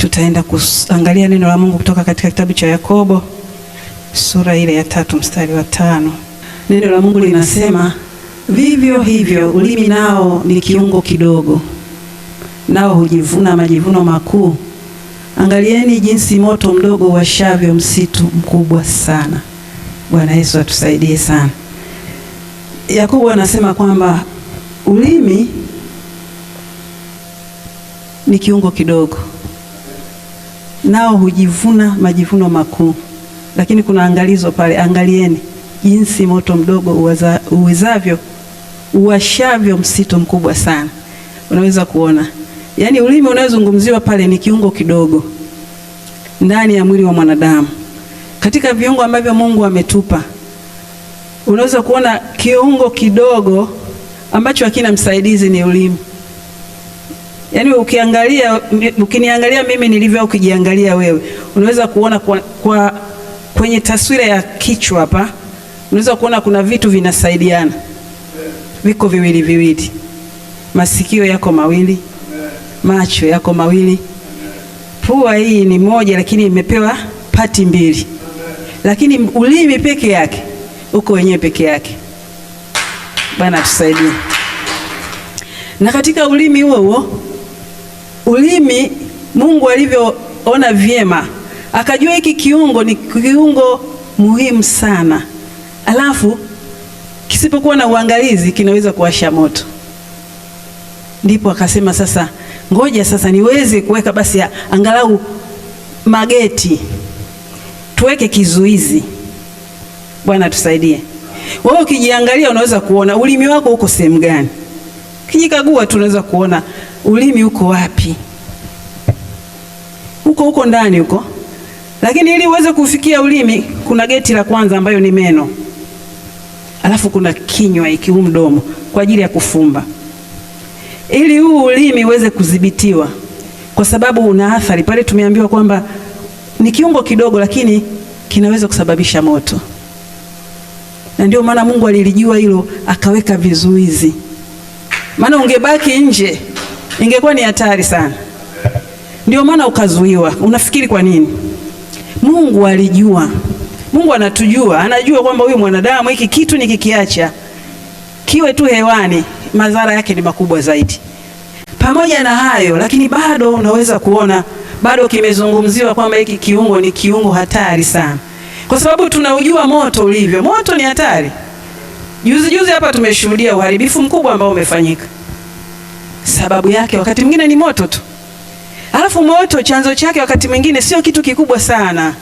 Tutaenda kuangalia neno la Mungu kutoka katika kitabu cha Yakobo sura ile ya tatu mstari wa tano. Neno la Mungu linasema vivyo hivyo ulimi nao ni kiungo kidogo, nao hujivuna majivuno makuu. Angalieni jinsi moto mdogo washavyo msitu mkubwa sana. Bwana Yesu atusaidie sana. Yakobo anasema kwamba ulimi ni kiungo kidogo nao hujivuna majivuno makuu. Lakini kuna angalizo pale, angalieni jinsi moto mdogo uwezavyo uwashavyo msitu mkubwa sana. Unaweza kuona yaani, ulimi unayozungumziwa pale ni kiungo kidogo ndani ya mwili wa mwanadamu, katika viungo ambavyo Mungu ametupa. Unaweza kuona kiungo kidogo ambacho hakina msaidizi ni ulimi. Yaani ukiangalia ukiniangalia mimi nilivyo au ukijiangalia wewe unaweza kuona kwa, kwa kwenye taswira ya kichwa hapa unaweza kuona kuna vitu vinasaidiana, viko viwili viwili. Masikio yako mawili, macho yako mawili, pua hii ni moja, lakini imepewa pati mbili, lakini ulimi peke yake uko wenyewe peke yake. Bwana tusaidie. Na katika ulimi huo huo Ulimi Mungu alivyoona vyema akajua hiki kiungo ni kiungo muhimu sana, alafu kisipokuwa na uangalizi kinaweza kuwasha moto. Ndipo akasema sasa, ngoja sasa niweze kuweka basi angalau mageti, tuweke kizuizi. Bwana tusaidie. Wewe ukijiangalia unaweza kuona ulimi wako uko sehemu gani? Kijikagua tu unaweza kuona Ulimi uko wapi? Uko huko ndani huko, lakini ili uweze kufikia ulimi, kuna geti la kwanza ambayo ni meno, alafu kuna kinywa iki huu mdomo kwa ajili ya kufumba, ili huu ulimi uweze kudhibitiwa, kwa sababu una athari pale. Tumeambiwa kwamba ni kiungo kidogo, lakini kinaweza kusababisha moto, na ndio maana Mungu alilijua hilo akaweka vizuizi, maana ungebaki nje ingekuwa ni hatari sana, ndio maana ukazuiwa. Unafikiri kwa nini? Mungu alijua, Mungu anatujua, anajua kwamba huyu mwanadamu hiki kitu nikikiacha kiwe tu hewani, madhara yake ni makubwa zaidi. Pamoja na hayo, lakini bado unaweza kuona bado kimezungumziwa kwamba hiki kiungo ni kiungo hatari sana, kwa sababu tunaujua moto ulivyo. Moto ni hatari. Juzi juzi hapa tumeshuhudia uharibifu mkubwa ambao umefanyika sababu yake wakati mwingine ni moto tu. Alafu moto chanzo chake wakati mwingine sio kitu kikubwa sana.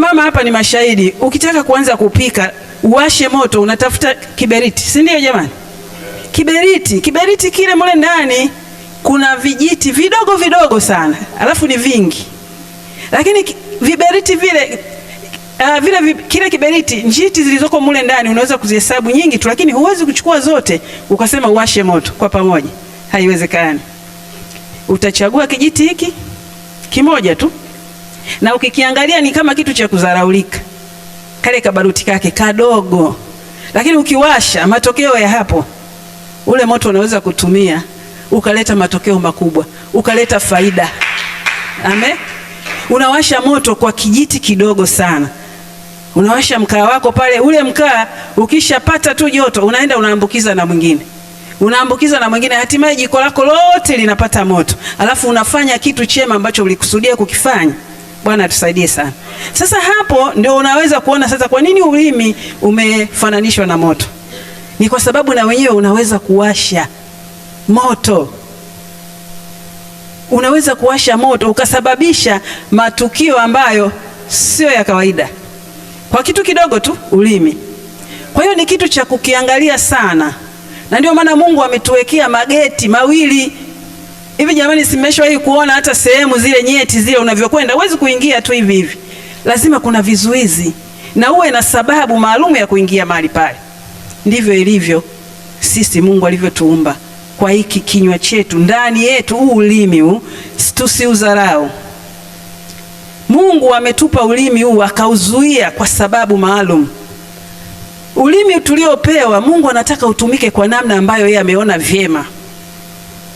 Mama hapa ni mashahidi. Ukitaka kuanza kupika, uwashe moto, unatafuta kiberiti, si ndio jamani? Kiberiti, kiberiti kile mule ndani kuna vijiti vidogo vidogo sana, alafu ni vingi, lakini viberiti vile Uh, vile kile kiberiti njiti zilizoko mule ndani unaweza kuzihesabu nyingi tu, lakini huwezi kuchukua zote ukasema uwashe moto kwa pamoja, haiwezekani. Utachagua kijiti hiki kimoja tu, na ukikiangalia ni kama kitu cha kudharaulika, kale kabaruti kake kadogo, lakini ukiwasha, matokeo ya hapo, ule moto unaweza kutumia ukaleta matokeo makubwa, ukaleta faida. Amen. Unawasha moto kwa kijiti kidogo sana unawasha mkaa wako pale. Ule mkaa ukishapata tu joto, unaenda unaambukiza na mwingine, unaambukiza na mwingine, hatimaye jiko lako lote linapata moto, alafu unafanya kitu chema ambacho ulikusudia kukifanya. Bwana atusaidie sana. Sasa hapo ndio unaweza kuona sasa kwa nini ulimi umefananishwa na moto. Ni kwa sababu na wenyewe unaweza kuwasha moto, unaweza kuwasha moto ukasababisha matukio ambayo sio ya kawaida kwa kitu kidogo tu, ulimi. Kwa hiyo ni kitu cha kukiangalia sana, na ndio maana Mungu ametuwekea mageti mawili hivi. Jamani, hii kuona hata sehemu zile nyeti zile unavyokwenda, huwezi kuingia tu hivi hivi, lazima kuna vizuizi na uwe na sababu maalum ya kuingia mahali pale. Ndivyo ilivyo sisi Mungu alivyotuumba, kwa hiki kinywa chetu ndani yetu, huu ulimi huu tusiudharau. Mungu ametupa ulimi huu akauzuia kwa sababu maalum. Ulimi tuliopewa Mungu anataka utumike kwa namna ambayo yeye ameona vyema,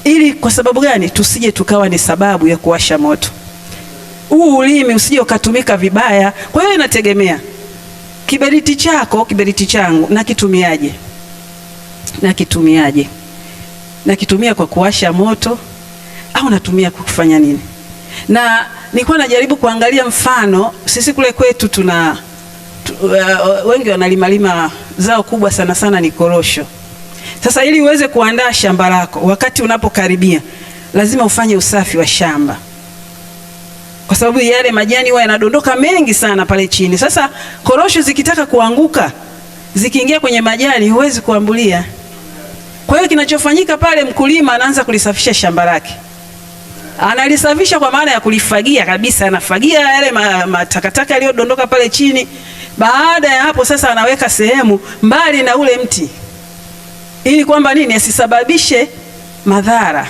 ili kwa sababu gani? Tusije tukawa ni sababu ya kuwasha moto. Huu ulimi usije ukatumika vibaya. Kwa hiyo inategemea kiberiti chako, kiberiti changu, nakitumiaje? Nakitumiaje? Nakitumia kwa kuwasha moto au natumia kwa kufanya nini? na nilikuwa najaribu kuangalia mfano, sisi kule kwetu tuna tu, uh, uh wengi wanalimalima zao kubwa sana sana ni korosho. Sasa ili uweze kuandaa shamba lako wakati unapokaribia, lazima ufanye usafi wa shamba kwa sababu yale majani huwa yanadondoka mengi sana pale chini. Sasa korosho zikitaka kuanguka, zikiingia kwenye majani, huwezi kuambulia. Kwa hiyo kinachofanyika pale, mkulima anaanza kulisafisha shamba lake analisafisha kwa maana ya kulifagia kabisa, anafagia yale matakataka yaliyodondoka pale chini. Baada ya hapo sasa, anaweka sehemu mbali na ule mti, ili kwamba nini, asisababishe madhara.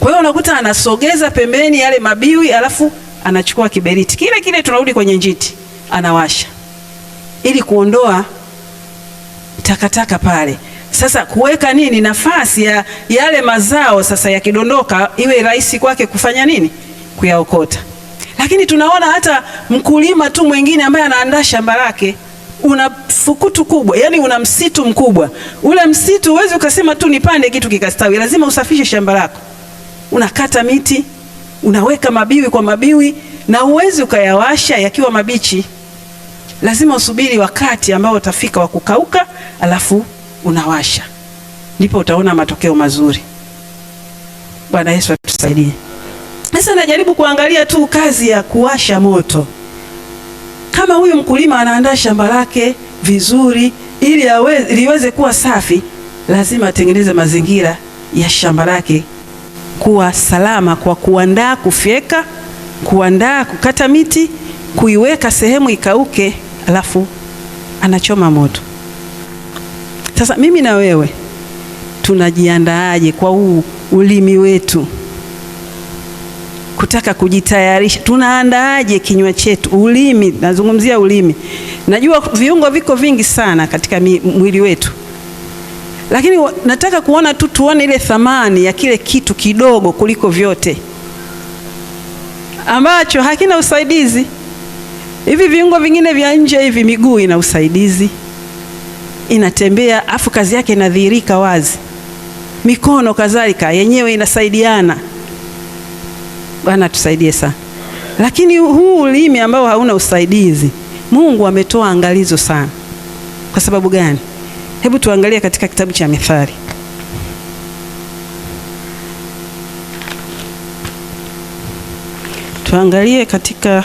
Kwa hiyo unakuta anasogeza pembeni yale mabiwi, alafu anachukua kiberiti kile kile, tunarudi kwenye njiti, anawasha ili kuondoa takataka pale. Sasa kuweka nini nafasi ya yale mazao sasa yakidondoka, iwe rahisi kwake kufanya nini, kuyaokota. Lakini tunaona hata mkulima tu mwingine ambaye anaandaa shamba lake una fukutu kubwa, yani una msitu mkubwa. Ule msitu huwezi ukasema tu nipande kitu kikastawi, lazima usafishe shamba lako. Unakata miti, unaweka mabiwi kwa mabiwi, na uwezi ukayawasha yakiwa mabichi. Lazima usubiri wakati ambao utafika wa kukauka, alafu unawasha, ndipo utaona matokeo mazuri. Bwana Yesu atusaidie. Sasa najaribu kuangalia tu kazi ya kuwasha moto. Kama huyu mkulima anaandaa shamba lake vizuri ili liweze kuwa safi, lazima atengeneze mazingira ya shamba lake kuwa salama kwa kuandaa, kufyeka, kuandaa, kukata miti, kuiweka sehemu ikauke, alafu anachoma moto. Sasa mimi na wewe tunajiandaaje kwa huu ulimi wetu kutaka kujitayarisha? Tunaandaaje kinywa chetu, ulimi? Nazungumzia ulimi. Najua viungo viko vingi sana katika mwili wetu, lakini nataka kuona tu, tuone ile thamani ya kile kitu kidogo kuliko vyote ambacho hakina usaidizi. Hivi viungo vingine vya nje hivi, miguu ina usaidizi inatembea, afu kazi yake inadhihirika wazi. Mikono kadhalika yenyewe inasaidiana. Bwana tusaidie sana. Lakini huu ulimi ambao hauna usaidizi, Mungu ametoa angalizo sana. Kwa sababu gani? Hebu tuangalie katika kitabu cha Mithali tuangalie katika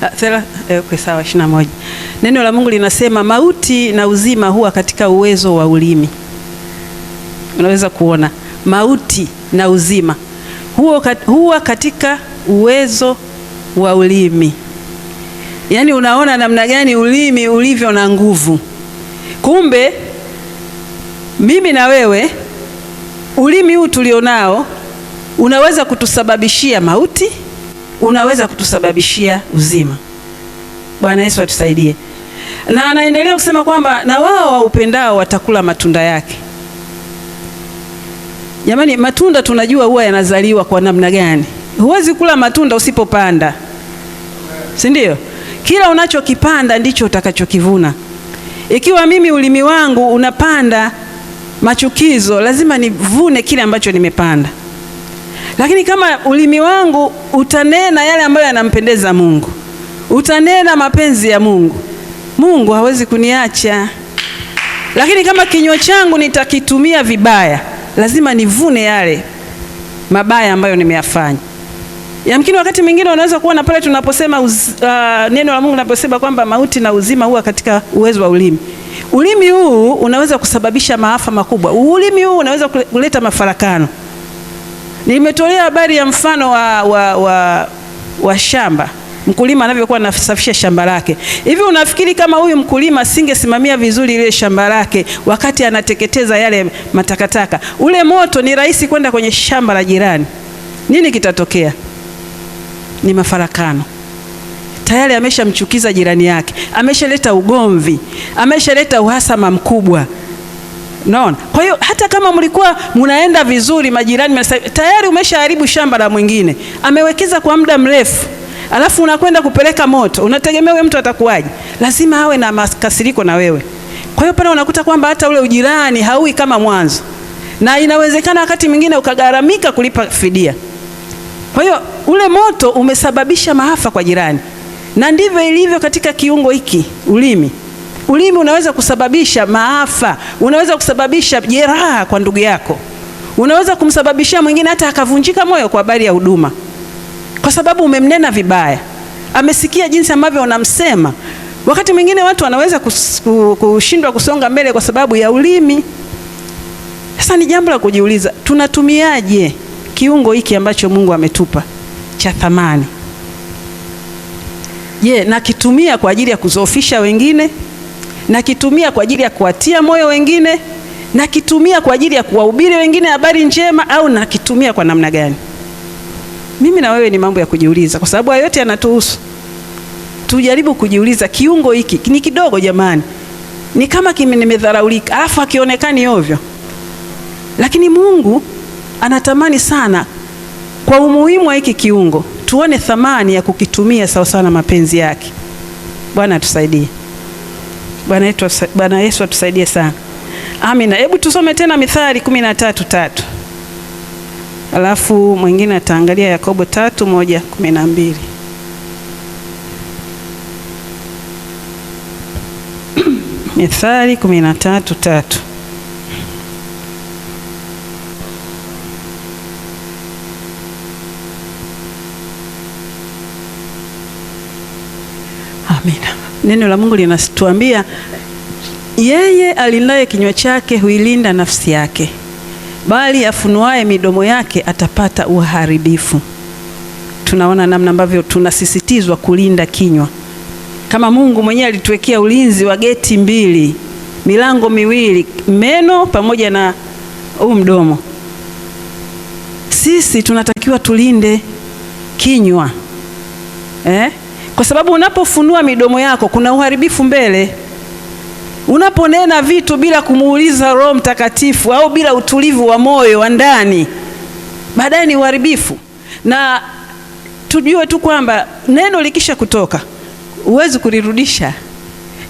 31. Ah, eh, sawa, Neno la Mungu linasema mauti na uzima huwa katika uwezo wa ulimi. Unaweza kuona mauti na uzima huwa katika uwezo wa ulimi. Yaani unaona namna gani ulimi ulivyo na nguvu. Kumbe mimi na wewe ulimi huu tulionao unaweza kutusababishia mauti unaweza kutusababishia uzima. Bwana Yesu atusaidie. Na anaendelea kusema kwamba na wao waupendao watakula matunda yake. Jamani, matunda tunajua huwa yanazaliwa kwa namna gani? Huwezi kula matunda usipopanda, si ndio? Kila unachokipanda ndicho utakachokivuna. Ikiwa mimi ulimi wangu unapanda machukizo, lazima nivune kile ambacho nimepanda. Lakini kama ulimi wangu utanena yale ambayo yanampendeza Mungu, utanena mapenzi ya Mungu, Mungu hawezi kuniacha. Lakini kama kinywa changu nitakitumia vibaya, lazima nivune yale mabaya ambayo nimeyafanya. Yamkini wakati mwingine unaweza kuona pale tunaposema uz, uh, neno la Mungu linaposema kwamba mauti na uzima huwa katika uwezo wa ulimi. Ulimi huu unaweza kusababisha maafa makubwa. Ulimi huu unaweza kuleta mafarakano. Nimetolea habari ya mfano wa, wa, wa, wa shamba mkulima anavyokuwa anasafisha shamba lake. Hivi unafikiri kama huyu mkulima asingesimamia vizuri ile shamba lake wakati anateketeza yale matakataka, ule moto ni rahisi kwenda kwenye shamba la jirani, nini kitatokea? Ni mafarakano. Tayari ameshamchukiza jirani yake, ameshaleta ugomvi, ameshaleta uhasama mkubwa. Naona. Kwa hiyo hata kama mlikuwa mnaenda vizuri, majirani tayari umeshaharibu shamba la mwingine, amewekeza kwa muda mrefu, alafu unakwenda kupeleka moto, unategemea huyo mtu atakuwaje? Lazima awe na makasiriko na wewe. Kwa hiyo pale unakuta kwamba hata ule ujirani haui kama mwanzo, na inawezekana wakati mwingine ukagharamika kulipa fidia. Kwa hiyo ule moto umesababisha maafa kwa jirani, na ndivyo ilivyo katika kiungo hiki, ulimi. Ulimi unaweza kusababisha maafa, unaweza kusababisha jeraha kwa ndugu yako, unaweza kumsababishia mwingine hata akavunjika moyo kwa habari ya huduma, kwa sababu umemnena vibaya, amesikia jinsi ambavyo unamsema. Wakati mwingine watu wanaweza kushindwa kusonga mbele kwa sababu ya ulimi. Sasa ni jambo la kujiuliza, tunatumiaje kiungo hiki ambacho Mungu ametupa cha thamani? Je, nakitumia kwa ajili ya kuzoofisha wengine? nakitumia kwa ajili ya kuwatia moyo wengine, nakitumia kwa ajili ya kuwahubiri wengine habari njema, au nakitumia kwa namna gani? Mimi na wewe ni mambo ya kujiuliza, kwa sababu yote yanatuhusu. Tujaribu kujiuliza, kiungo hiki ni kidogo jamani, ni kama nimedharaulika, alafu hakionekani ovyo, lakini Mungu anatamani sana kwa umuhimu wa hiki kiungo tuone thamani ya kukitumia sawasawa na mapenzi yake. Bwana atusaidie. Bwana yetu, Bwana Yesu atusaidie sana. Amina. Hebu tusome tena Mithali kumi na tatu tatu alafu mwingine ataangalia Yakobo tatu moja kumi na mbili. Mithali kumi na tatu tatu. Amina. Neno la Mungu linatuambia yeye alindaye kinywa chake huilinda nafsi yake, bali afunuaye midomo yake atapata uharibifu. Tunaona namna ambavyo tunasisitizwa kulinda kinywa, kama Mungu mwenyewe alituwekea ulinzi wa geti mbili, milango miwili, meno pamoja na huu mdomo. Sisi tunatakiwa tulinde kinywa eh? kwa sababu unapofunua midomo yako kuna uharibifu mbele. Unaponena vitu bila kumuuliza Roho Mtakatifu au bila utulivu wa moyo wa ndani, baadaye ni uharibifu. Na tujue tu kwamba neno likisha kutoka huwezi kulirudisha.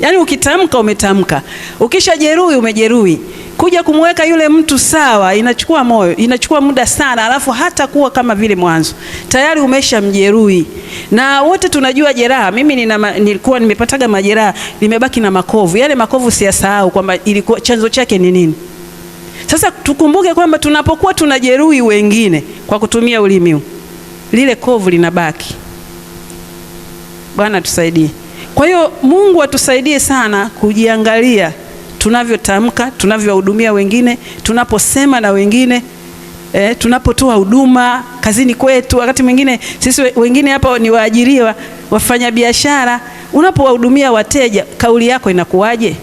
Yaani ukitamka umetamka, ukishajeruhi umejeruhi. Kuja kumweka yule mtu sawa inachukua moyo, inachukua muda sana, alafu hata kuwa kama vile mwanzo tayari umesha mjeruhi Na wote tunajua jeraha. Mimi nina, nilikuwa nimepataga majeraha, nimebaki na makovu. Yale makovu siyasahau kwamba ilikuwa chanzo chake ni nini. Sasa tukumbuke kwamba tunapokuwa tunajeruhi wengine kwa kutumia ulimi, lile kovu linabaki. Bwana tusaidie. Kwa hiyo Mungu atusaidie sana kujiangalia tunavyotamka, tunavyohudumia wengine, tunaposema na wengine eh, tunapotoa huduma kazini kwetu, wakati mwingine sisi wengine hapa ni waajiriwa, wafanyabiashara. Unapowahudumia wateja, kauli yako inakuwaje?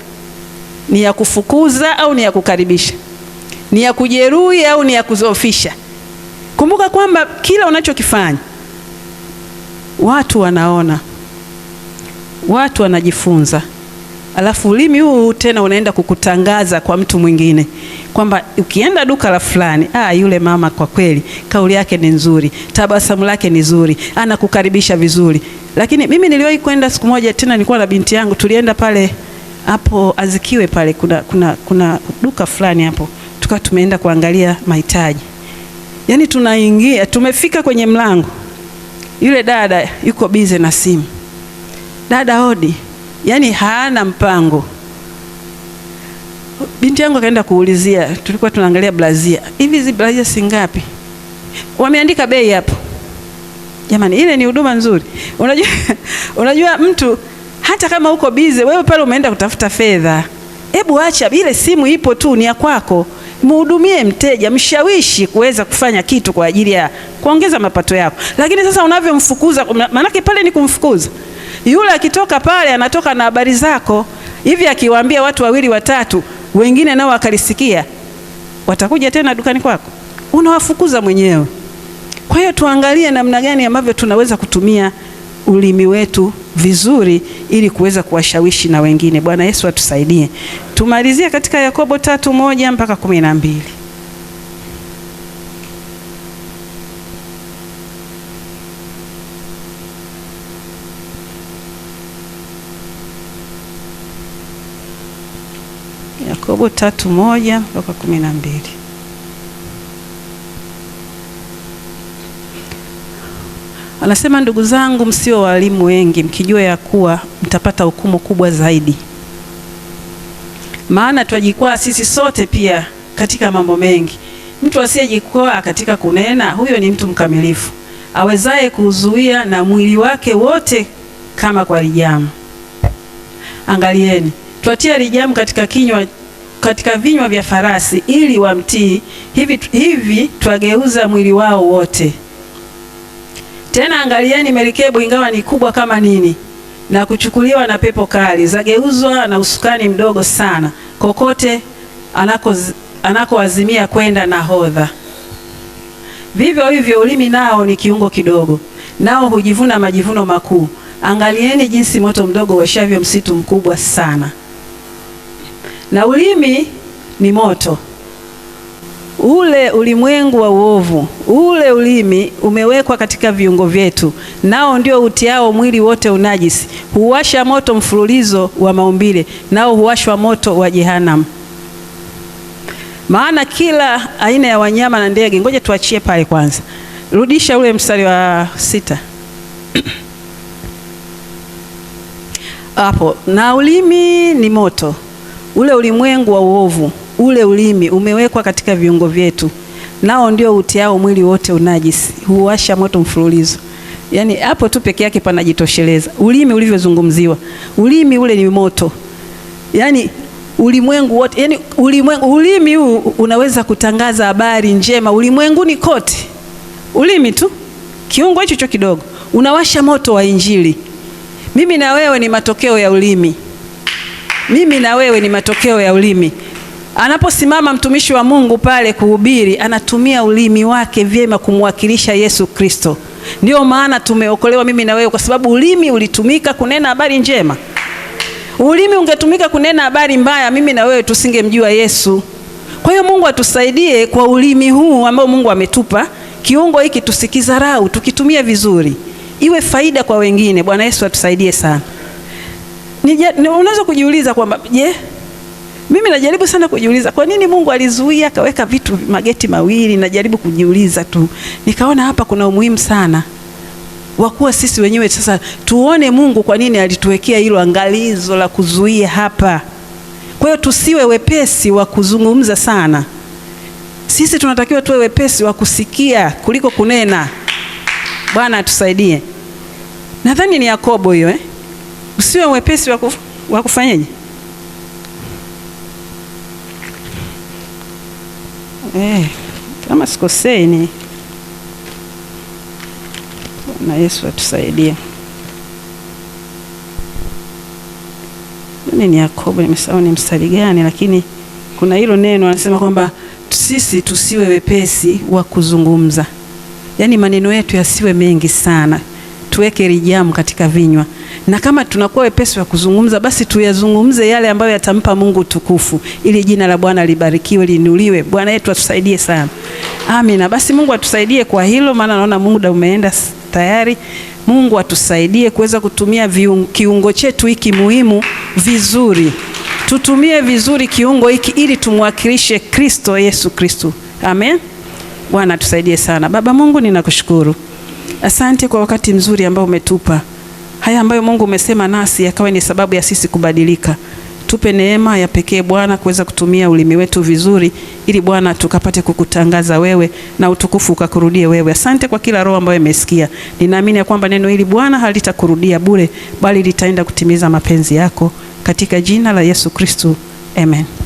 Ni ya kufukuza au ni ya kukaribisha? Ni ya kujeruhi au ni ya kuzofisha? Kumbuka kwamba kila unachokifanya watu wanaona watu wanajifunza, alafu ulimi huu tena unaenda kukutangaza kwa mtu mwingine kwamba ukienda duka la fulani, ah, yule mama kwa kweli kauli yake ni nzuri, tabasamu lake ni zuri, anakukaribisha vizuri. Lakini mimi niliwahi kwenda siku moja tena, nilikuwa na binti yangu, tulienda pale hapo Azikiwe pale kuna, kuna, kuna duka fulani hapo, tukawa tumeenda kuangalia mahitaji. Yaani tunaingia tumefika kwenye mlango, yule dada yuko bize na simu dada hodi, yani hana mpango. Binti yangu akaenda kuulizia, tulikuwa tunaangalia blazia hivi, hizi blazia si ngapi? Wameandika bei hapo. Jamani, ile ni huduma nzuri. Unajua, unajua mtu hata kama uko bize wewe pale umeenda kutafuta fedha, hebu acha ile simu ipo tu, ni ya kwako. Muhudumie mteja, mshawishi kuweza kufanya kitu kwa ajili ya kuongeza mapato yako. Lakini sasa unavyomfukuza, maanake pale ni kumfukuza. Yule akitoka pale anatoka na habari zako hivi, akiwaambia watu wawili watatu, wengine nao wakalisikia, watakuja tena dukani kwako, unawafukuza mwenyewe. Kwa hiyo tuangalie namna gani ambavyo tunaweza kutumia ulimi wetu vizuri ili kuweza kuwashawishi na wengine. Bwana Yesu atusaidie. Tumalizie katika Yakobo tatu moja mpaka kumi na mbili. Yakobo tatu moja mpaka kumi na mbili. Anasema, ndugu zangu, msio walimu wengi, mkijua ya kuwa mtapata hukumu kubwa zaidi. Maana twajikwaa sisi sote pia katika mambo mengi. Mtu asiyejikwaa katika kunena, huyo ni mtu mkamilifu, awezaye kuzuia na mwili wake wote kama kwa lijamu. Angalieni, twatia lijamu katika kinywa katika vinywa vya farasi ili wamtii. Hivi, hivi twageuza mwili wao wote. Tena angalieni, merikebu ingawa ni kubwa kama nini na kuchukuliwa na pepo kali, zageuzwa na usukani mdogo sana, kokote anakoazimia kwenda kwenda nahodha. Vivyo hivyo ulimi nao ni kiungo kidogo, nao hujivuna majivuno makuu. Angalieni jinsi moto mdogo washavyo msitu mkubwa sana. Na ulimi ni moto. Ule ulimwengu wa uovu, ule ulimi umewekwa katika viungo vyetu, nao ndio utiao mwili wote unajisi, huwasha moto mfululizo wa maumbile, nao huwashwa moto wa jehanamu. Maana kila aina ya wanyama na ndege, ngoja tuachie pale kwanza. Rudisha ule mstari wa sita hapo. Na ulimi ni moto Ule ulimwengu wa uovu, ule ulimi umewekwa katika viungo vyetu, nao ndio utiao mwili wote unajisi, huwasha moto mfululizo. Yaani hapo tu peke yake panajitosheleza. Ulimi ulivyozungumziwa, ulimi ule ni moto, yaani ulimwengu wote, yaani ulimwengu, ulimi huu unaweza kutangaza habari njema ulimwenguni kote. Ulimi tu kiungo hicho kidogo unawasha moto wa Injili. Mimi na wewe ni matokeo ya ulimi mimi na wewe ni matokeo ya ulimi. Anaposimama mtumishi wa Mungu pale kuhubiri, anatumia ulimi wake vyema kumwakilisha Yesu Kristo. Ndiyo maana tumeokolewa mimi na wewe, kwa sababu ulimi ulitumika kunena habari njema. Ulimi ungetumika kunena habari mbaya, mimi na wewe tusingemjua Yesu. Kwa hiyo Mungu atusaidie kwa ulimi huu ambao Mungu ametupa, kiungo hiki tusikizarau, tukitumia vizuri, iwe faida kwa wengine. Bwana Yesu atusaidie sana. Unaweza kujiuliza kwamba je, mimi najaribu sana kujiuliza kwa nini Mungu alizuia akaweka vitu mageti mawili. Najaribu kujiuliza tu, nikaona hapa kuna umuhimu sana wa kuwa sisi wenyewe sasa tuone Mungu kwa nini alituwekea hilo angalizo la kuzuia hapa. Kwa hiyo tusiwe wepesi wa kuzungumza sana, sisi tunatakiwa tuwe wepesi wa kusikia kuliko kunena. Bwana atusaidie. Nadhani ni Yakobo hiyo eh? usiwe wepesi wa kufanyaje? Eh, kama sikosei ni na Yesu atusaidie. Ni Yakobo, nimesahau ni mstari gani, lakini kuna hilo neno anasema kwamba sisi tusiwe wepesi wa kuzungumza, yaani maneno yetu yasiwe mengi sana, tuweke rijamu katika vinywa na kama tunakuwa wepesi wa kuzungumza, basi tuyazungumze yale ambayo yatampa Mungu tukufu ili jina la Bwana libarikiwe, linuliwe. Bwana yetu atusaidie sana, amina. Basi Mungu atusaidie kwa hilo, maana naona muda umeenda tayari. Mungu atusaidie kuweza kutumia viungo, kiungo chetu hiki muhimu vizuri. Tutumie vizuri kiungo hiki ili tumwakilishe Kristo Yesu Kristo. Amen. Bwana atusaidie sana. Baba Mungu, ninakushukuru. Asante kwa wakati mzuri ambao umetupa haya ambayo Mungu umesema nasi yakawe ni sababu ya sisi kubadilika. Tupe neema ya pekee Bwana, kuweza kutumia ulimi wetu vizuri, ili Bwana tukapate kukutangaza wewe na utukufu ukakurudie wewe. Asante kwa kila roho ambayo imesikia. Ninaamini ya kwamba neno hili Bwana halitakurudia bure, bali litaenda kutimiza mapenzi yako katika jina la Yesu Kristo, amen.